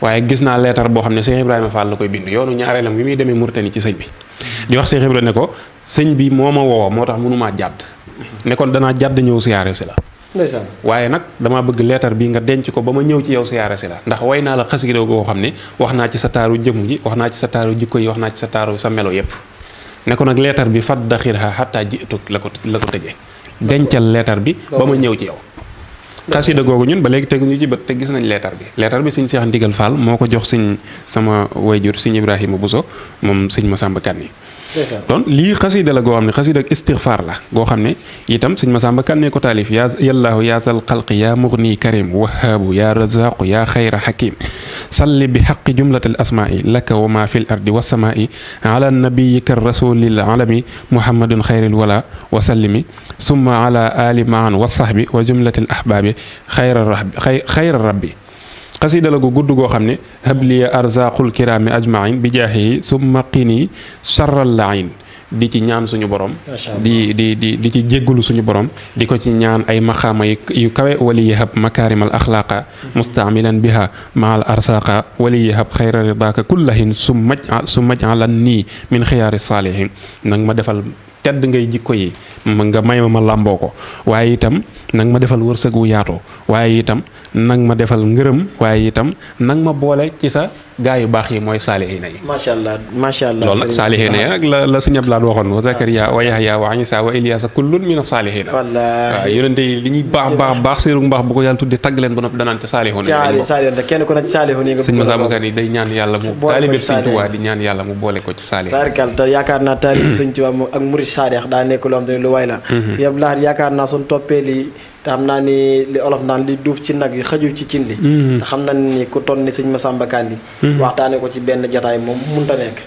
waaye gis naa leetar boo xam ne Cheikh Ibrahima Fall la koy bind yoonu ñaareelam bi muy demee Mauritanie ci sëñ bi di wax Cheikh ne ko sëñ bi moo ma woo moo tax mënumaa jàdd ne kon danaa jàdd ñëw siyaare si la waaye nag damaa bëgg leetar bi nga denc ko ba ma ñëw ci yow siyaara si la ndax way naa la xasida goo xam ne wax naa ci sa taaru jëmm ji wax naa ci sa taaru jikko yi wax naa ci sa taaru sa melo yépp ne ko nag leetar bi fat daxirha xattaa ji ëtug la ko la ko tëjee dencal leetar bi ba ma ñëw ci yow xasida googu ñun ba léegi teguñu ci bët te gis nañ leetar bi leetar bi sëñ Cheikh Ndigal Fall moo ko jox sëñ sama wayjur sëñ Ibrahima buso moom ma Massamba Kanni donc lii xasida la goo xam ne xasida ak la goo xam ne itam sëñ Masamba Kanne ko taalif yaa yallaahu yaa zal xalqi yaa mugni karim wahaabu yaa razaqu yaa xayra hakim salli bi xaqi jumlatil asmaai laka wa ma fil ardi wasamaai ala nabiyika rasulil alami muhammadun xayril wala wa sallimi summa ala maan wa sahbi wa jumlatil ahbaabi xayra rabbi xasida la gu gudd goo xam ne habliya arzaqul kiraami ajmain bi jaaxiyi summa qini charral laayin di ci ñaan suñu borom di di di di ci jéggulu suñu borom di ko ci ñaan ay maxaama yu kawe wali yahab makaarimal axlaaqa mustaamilan biha ma al arsaqa wali yahab xayra ridaaka kullahin su maj su maj alan nii min xiyaari saalihin nag ma defal tedd ngay jikko yi nga may ma ma làmboo ko waaye itam nanga ma defal wërsëg wu yaatoo waaye itam nang ma defal ngërëm waaye itam nang ma boole ci sa gaa yu baax yi mooy saalihiina yi. macha allah macha allah loolu nag saalihiina yi nag la la sëñ Abdou Lahad waxoon wa Zakariya wa Yahya wa Isa wa Ilyasa kullun mina saalihiina. wallaahi waaw yonente yi li ñuy baax baax baax séeru mbaax bu ko yàlla tuddee tagg leen ba noppi danaan ca saalihuuna. ca saalihuuna kenn ku ne ci saalihuuna yi nga. sëñ Massa Bakar yi day ñaan yàlla mu. boole ko ci sëñ Tuubaa di ñaan yàlla mu boole ko ci saalihiina. taarikal te yaakaar naa taalib sëñ Tuubaa ak murid saadix daa nekk loo xam ne lu waay la. Mhm. sëñ Abdou Lahad yaakaar naa suñ toppee lii te xam naa ni li olof naan li duuf ci nag yi xëjul ci cin li mm-hmm. te xam nañ ni ku toll ni sëñ Masamba Kandi mm-hmm. waxtaane ko ci benn jataay moom munta nekk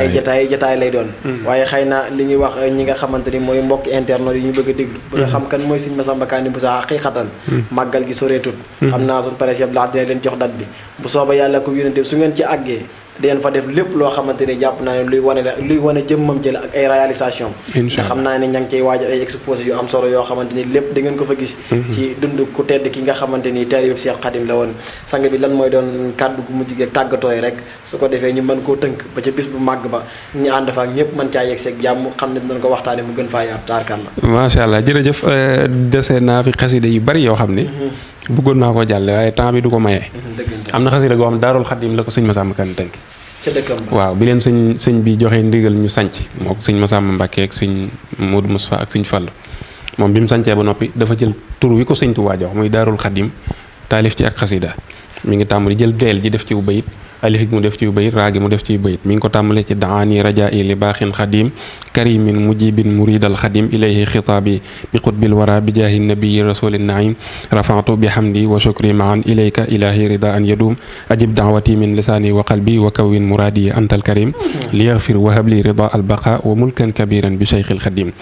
ay jataay jataay lay doon mm-hmm. waaye xay na li ñuy wax ñi nga xamante ni mooy mbokk internet yi ñu bëgg a déglu ba nga xam kan mooy sëñ Masamba Kandi bu sa xaqiiqatan màggal gi soreetut xam naa suñ paree si laaj dina leen jox dat bi bu sooba yàlla ko yónnee su ngeen ci àggee deen fa def lépp loo xamante ni jàpp naa ne luy wane la luy wane jëmmam jël ak ay réalisation incha allah xam naa ne ña ngi koy waajal ay exposé yu am solo yoo xamante ni lépp di ngeen ko fa gis mm-hmm. ci dund ku tedd ki nga xamante ni taalibe Cheikh Khadim la woon sang bi lan mooy doon kàddu gu mujj gi tàggatooy rek su ko defee ñu mën koo tënk ba ca bis bu màgg ba ñu ànd fa ak ñëpp mën caa yegg seeg jàmm xam ne dinañ ko waxtaane mu gën faa yaatu taarkan la macha allah jërëjëf euh, dese naa fi xasida yu bari yoo xam ne mm-hmm. bëggoon naa ko jàlle waaye temps bi du ko maye mm-hmm, am na xasida goo xam daarul xadim la ko sëñ Masamba Kan tënk waaw bi leen sëñ sëñ bi joxe ndigal ñu sanc moo ko sëñ Masamba Mbàkke ak sëñ Modou Moustapha ak sëñ Fall moom bi mu sancee ba noppi dafa jël tur wi ko sëñ waa jox muy daarul xadim taalif ci ak xasida mi ngi tàmbali jël deel ji def ci wu bayit alifig mu def ci yu bayit raagi mu def ci yu bayit mi ngi ko tàmbalee ci daani raja i li baaxin xadim karimin mujibin muridal xadim ilayhi xitaabi bi qutbil wara bi jaahi nabiyi rasulin naim rafaatu bi hamdi wa shukri maan ilayka ilahi rida an yadum ajib daawati min lisaani wa qalbi wa kawin muradi antal karim li yaxfir wa habli rida albaqa wa mulkan kabiran bi cheikh alxadim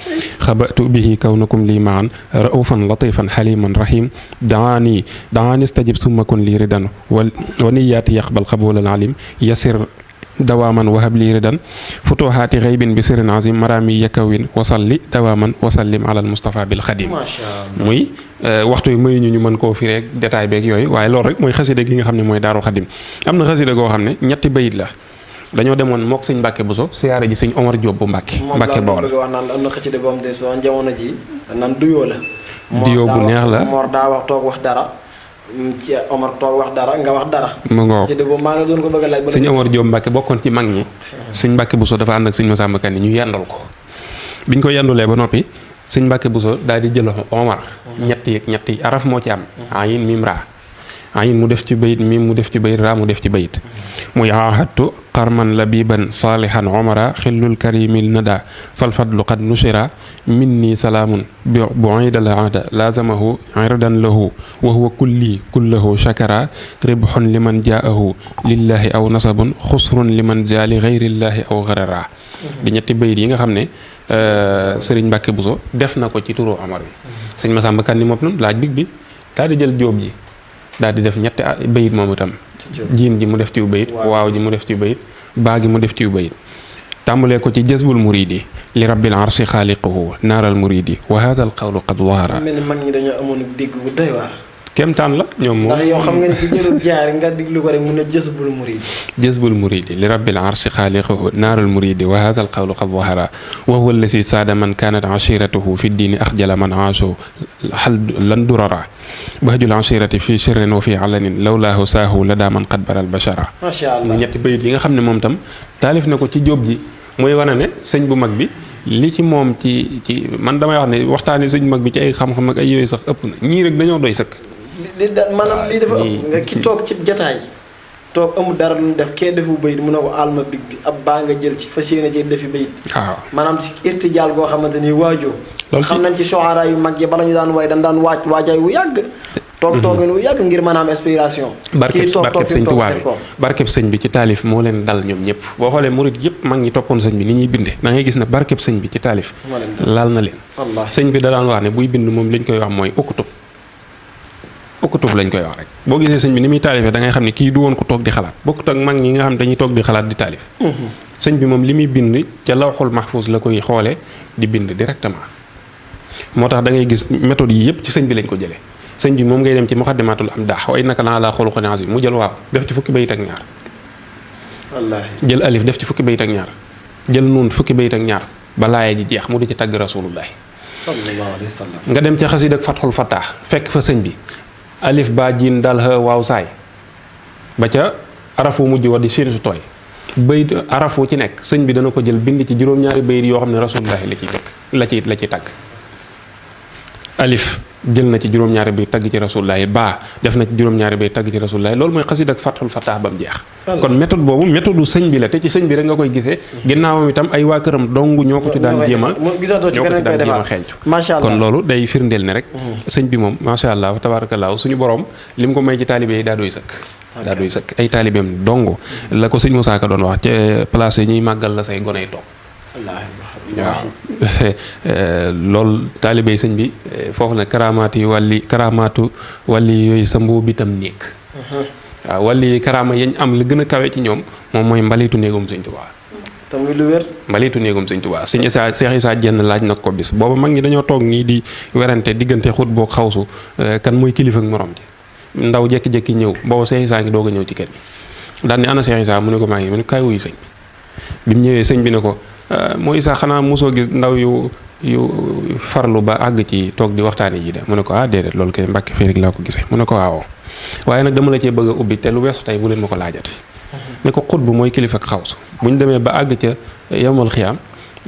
xabatu bihi kawnakum li maan raufan latifan xaliman rahim daani daani stajib summa kun li ridan wa niyaati yaqbal qabula عليم يسر دواما وهب لي ردا فتوحات غيب بسر عظيم مرامي يكوين وصل دواما وسلم على المصطفى بالخديم ما شاء الله موي وقت موي ني ني مان كو في ريك ديتاي بيك يوي واي لول ريك موي خسيده كيغا خامني موي دارو خديم امنا خسيده كو خامني نياتي بيد لا dañu demone mok seigne mbacke bousso siara ji seigne omar diop bou mbacke mbacke bawol nan amna xati de bom de so jamono ji nan duyo bu neex la mor da wax tok wax dara Mm, ci Omar toog wax nga wax dara. mu ngoog ci a laaj. suñ Omar Diop bokkoon ci mag ñi. suñ Mbacke Bousso dafa ànd ak suñ Massamba Kanni ñu yendal ko biñ ko yendulee ba noppi suñ Mbacke Bousso daal di jël Omar. ñett yi ñett yi moo ci am. ayin mim ra ayin mu def ci bayit mim mu def ci bayit ra mu def ci bayit muy ahadtu qarman labiban salihan omara xillul karimil nada falfadlu qad nusira minni salaamun buida laada lazamahu irdan lahu wa huwa kulli kullahu shakara ribhun liman jaahu lillahi aw nasabun xusrun liman jaa li gayrillahi aw garara di ñetti bayit yi nga xam ne sëriñ Mbàkke Buso def na ko ci turu omar bi sëñ Masamba Kanni moom laaj big bi daal di jël jóob ji daal di def ñetti bayit moom itam جين دي مودف تيو واو دي مودف تيو بيت باغي مودف تيو بيت تامله كو لرب العرش خالقه نار المريدي وهذا القول قد ظهر من من ني دانيو امون ديغ kéemtaan la ñoom moom ndax yow xam nga ne bu jëlul jaar nga diglu ko rek mun a jësbul muridi jësbul muridi li rabbil arshi xaaliqahu naarul muridi wa haadha alqawlu qad wahara wa huwa allasi saada man kaanat ashiratuhu fi diini axjala man aashu xal lan durara bahjul ashirati fi sirrin wa fi alanin lawlaahu saahu la daa man qad baral bashara macha allah ñetti bayit yi nga xam ne moom tam taalif na ko ci jóob ji mooy wane ne sëñ bu mag bi li ci moom ci ci man damay wax ne waxtaani sëñ bu mag bi ci ay xam-xam ak ay yooyu sax ëpp na ñii rek dañoo doy sëkk li maanaam lii dafa ëpp ki toog ci jataay toog amul dara lu ñu def kee defu bayit mu a ko alma big bi ab baa nga jël ci fas yéene ci defi bayit waaw maanaam si irtijaal goo xamante ni waajoo xam nañ ci yu mag yi bala ñu daan waay dañ daan waaj waajaay wu yàgg toog mhm. toogin wu yàgg ngir mën a am inspiration barkeb sëñ Tuubaa bi barkeb sëñ bi ci taalif moo leen dal ñoom ñëpp boo murit yëpp mag ñi toppoon sëñ bi ni ñuy binde da ngay gis ne barkeb sëñ bi ci taalif laal na leen sëñ bi da daan wax ne buy bind moom li ñu koy mooy ukkutub bokkutub lañ koy wax rek boo gisee sëñ bi ni muy taalifee da xam ne kii du woon ko toog di xalaat bokkut ak mag ñi nga xam dañuy toog di xalaat di taalif mm-hmm. sëñ bi moom li muy bind ca lawxul mahfuus la koy xoole di bind directement moo tax da ngay gis méthodes yi yëpp ci sëñ bi lañ ko jëlee sëñ bi moom ngay dem ci muqaddimatul am daax way naka laa laa xoolu xonag yi mu jël waaw def ci fukki bayit ak ñaar wallaahi jël alif def ci fukki bayit ak ñaar jël nuun fukki bayit ak ba laaya ji jeex mu di ci tagg rasulullahi alif ba jiin dal ha waaw saay ba ca arafu mujj wa di siin su tooy bayit arafu ci nekk sëñ bi dana ko jël bind ci juróom-ñaari bayit yoo xam ne rasulullahi la ciy dëkk la ciy la ciy tàkk alif jël na ci juróom-ñaari bay tagg ci rasulullahi baa def na ci juróom-ñaari bay tagg ci rasulullahi loolu mooy xasida ak fathul fatah bam jeex kon méthode boobu méthode sëñ bi la te ci sëñ bi rek nga koy gisee ginnaawam itam ay waa këram dong ñoo ko ci daan jéema ñoo ko ci daan jéema xeeñcu kon loolu day firndeel ne rek mm. sëñ bi moom macha allah tabaarakallaahu suñu borom li mu ko may ci taalibe yi daa doy sëkk daa doy sëkk ay taalibeem dong mm. la ko sëñ Moussa Ka doon wax ca place ñuy màggal la say gone yi toog waaw eh, loolu taalibey sëñ bi eh, foofu na karaamaatu yi wàlli karaamaatu wàlli yooyu sa mboobu itam néeg uh-huh. waaw yi karaama yañ am la gën a kawe ci ñoom moom mooy mbalitu néegum sëñ Tuubaa tamit lu wér mbalitu néegum sëñ Tuubaa sëñ saa Seex Jenn laaj nag ko bis booba mag ñi dañoo toog nii di werante diggante xut boog xawsu eh, kan mooy kilifa ak morom ji ndaw jékki-jékki ñëw booba Seex Isaa ngi doog a ñëw ci kër bi daan ne ana Seex mu ne ko maa ngi mu ne kaay wuyu ñëwee sëñ bi ne ko Euh, moo Issa xanaa mosoo gis ndaw yu yu farlu ba àgg ci toog di waxtaane ji de mu ne ko ah déedéet loolu kay mbàkk féerig laa ko gisee mu ne ko waaw waaye nag dama la cee bëgg a ubbi te lu weesu tey bu leen ma ko laajati mhm. ne ko xut bu mooy kilifa ak xawsu bu ñu demee ba àgg ca eh, yamal xiyaam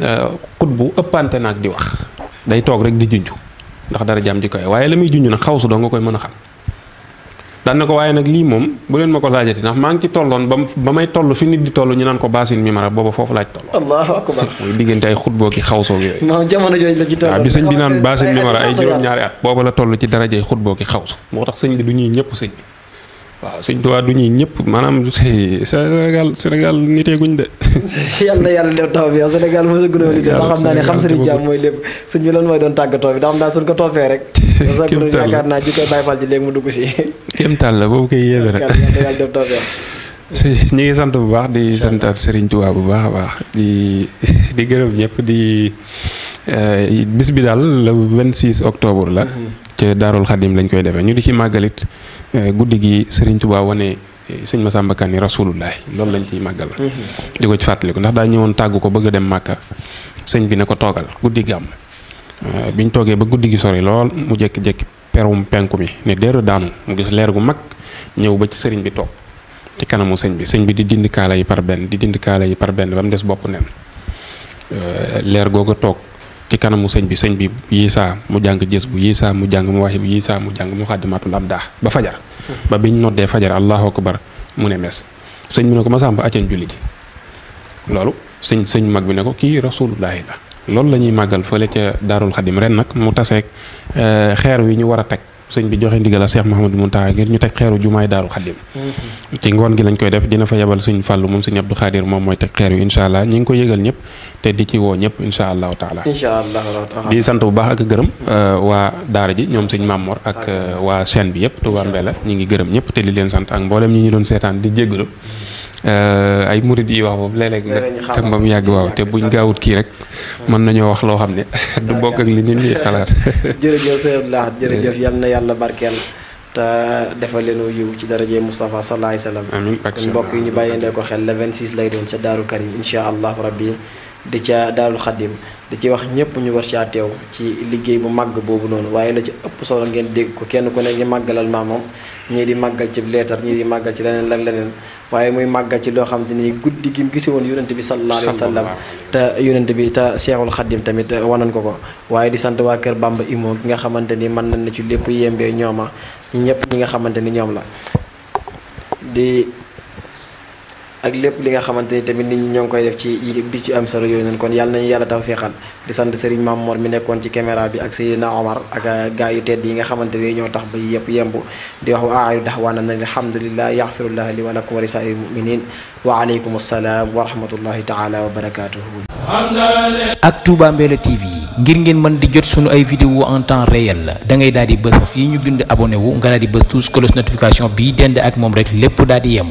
euh, xut bu ëppante naag di wax day toog rek di junj ndax dara jàmm ji koy waaye la muy junj nag xawsu doo nga koy mën a xam daan na ko waaye nag lii moom bu leen ma ko laajati ndax maa ngi ci tolloon ba ba may toll fi nit di toll ñu naan ko baasin mi mara booba foofu laaj toll allahu akbar muy diggante ay xutboo ki xawsoog yooyu non jamono jooju la ci toll waaw bi sëñ bi naan baasin mi mara ay juróom-ñaari at booba la toll ci darajey xutboo ki xawsu moo tax sëñ bi du ñuy ñëpp sëñ waaw sëñ Tuubaa du ñuy ñëpp maanaam Sénégal Sénégal niteeguñ de. yal na yàlla def taw bi yow Sénégal ba xam naa ne xam sëriñ jàmm mooy lépp sëñ bi lan mooy doon tàggatoo bi da xam naa suñ ko toppee rek. kéemtaan la mos a yaakaar naa ji ji mu dugg la rek. ngi sant bu baax di santaat sëriñ Tuubaa bu baax baax di di gërëm ñëpp di eh, bis bi daal le 26 octobre la. Mm-hmm. ca daarul xadim lañ koy defee ñu di ci màggalit eh, guddi gi sëriñ Tuubaa wane eh, sëñ ma Masamba Kanni rasulullahi loolu lañ ciy màggal mm-hmm. di ko ci fàttaliku ndax daa ñëwoon tàggu ko bëgg a dem màkka sëñ bi ne ko toogal guddi gàmm eh, ñu toogee ba guddi gi sori lool mu jékki-jékki perum penku mi ne déer daanu mu gis leer gu mag ñëw ba ci sëriñ bi toog ci kanamu sëñ bi sëñ bi di dindi kaala yi par benn di dindi kaala yi par benn ba mu des bopp nen leer googu toog ci kanamu sëñ bi sëñ bi yiisaa mu jàng jës bu yiisaa mu jàng mu waxi bu yiisaa mu jàng mu xàddimatul am daax ba fajar ba biñ noddee fajar allahu akbar mu ne mes sëñ bi ne ko ma sàmba aceen julli ji loolu sëñ sëñ mag bi ne ko kii rasulullahi la loolu la ñuy màggal fële ca daarul xadim ren nag mu taseeg eh, xeer wi ñu war a teg sëñ bi joxe ndigal a Cheikh Mouhamadou Mountakha ngir ñu teg xeeru jumaay daaru xaddim ci ngoon gi lañ koy def dina fa yebal sëñ fàll moom sëñ Abdou Khadir moom mooy teg xeer yu incha allah ñi ngi ko yëgal ñëpp te di ci woo ñëpp incha allahu taala di sant bu baax ak gërëm euh, waa daara ji ñoom sëñ Mamor ak euh, waa chaîne bi yëpp Touba Mbella ñi ngi gërëm ñëpp te di leen sant ak mboolem ñi ñu doon seetaan di jéggalu Euh, ay murid yi wax moom léeg-léeg tam ba mu yàgg waaw te buñ gaawut kii rek mën nañoo wax loo xam ne du bokk ak li nit ñi xalaat jërëjëf sëñ Abdou Lahad jërëjëf yal na yàlla barkeel te defal leenu yiw ci daraje Moustapha sallallahu alayhi wa sallam amiin mbokk yi ñu bàyyindee ko xel le 26 lay doon ca Daaru Karim incha allah rabbi di ca Daarul Xadim da ci wax ñepp ñu war ci atew ci liggey bu mag bobu non waye la ci ëpp solo ngeen deg ko kenn ku ne ngi màggalal maamam ñi di magal ci letter ñi di magal ci leneen lak leneen waye muy màggal ci lo xam ni guddi gi mu gise woon bi sallallahu alaihi wasallam ta te bi te cheikhul tamit wanan ko ko waye di sante wa kër bamba imo gi nga xamanteni man nañ ci lepp yembe ñoma ñi nga xamanteni ñom la di ak lépp li nga xamante ni tamit nit ñoo ngi koy def ci bi ci am solo yooyu noonu kon yàlla nañu yàlla taw feexal di sant Serigne Mame Mor mi nekkoon ci caméra bi ak Seydina Omar ak euh, gaa yu tedd yi nga xamante ni ñoo tax ba yëpp yemb di wax wa aaxiru daxwaana na alhamdulillah yaxfirullah li wa lakum wa li saa'iril muminin wa aleykum assalaam wa rahmatullahi taala wa barakatuhu ak Touba Mbella TV ngir ngeen mën di jot sunu ay vidéo en temps réel da ngay daal di bës fii ñu bind abonné wu nga daal di bës bii dend ak moom rek lépp daal di yem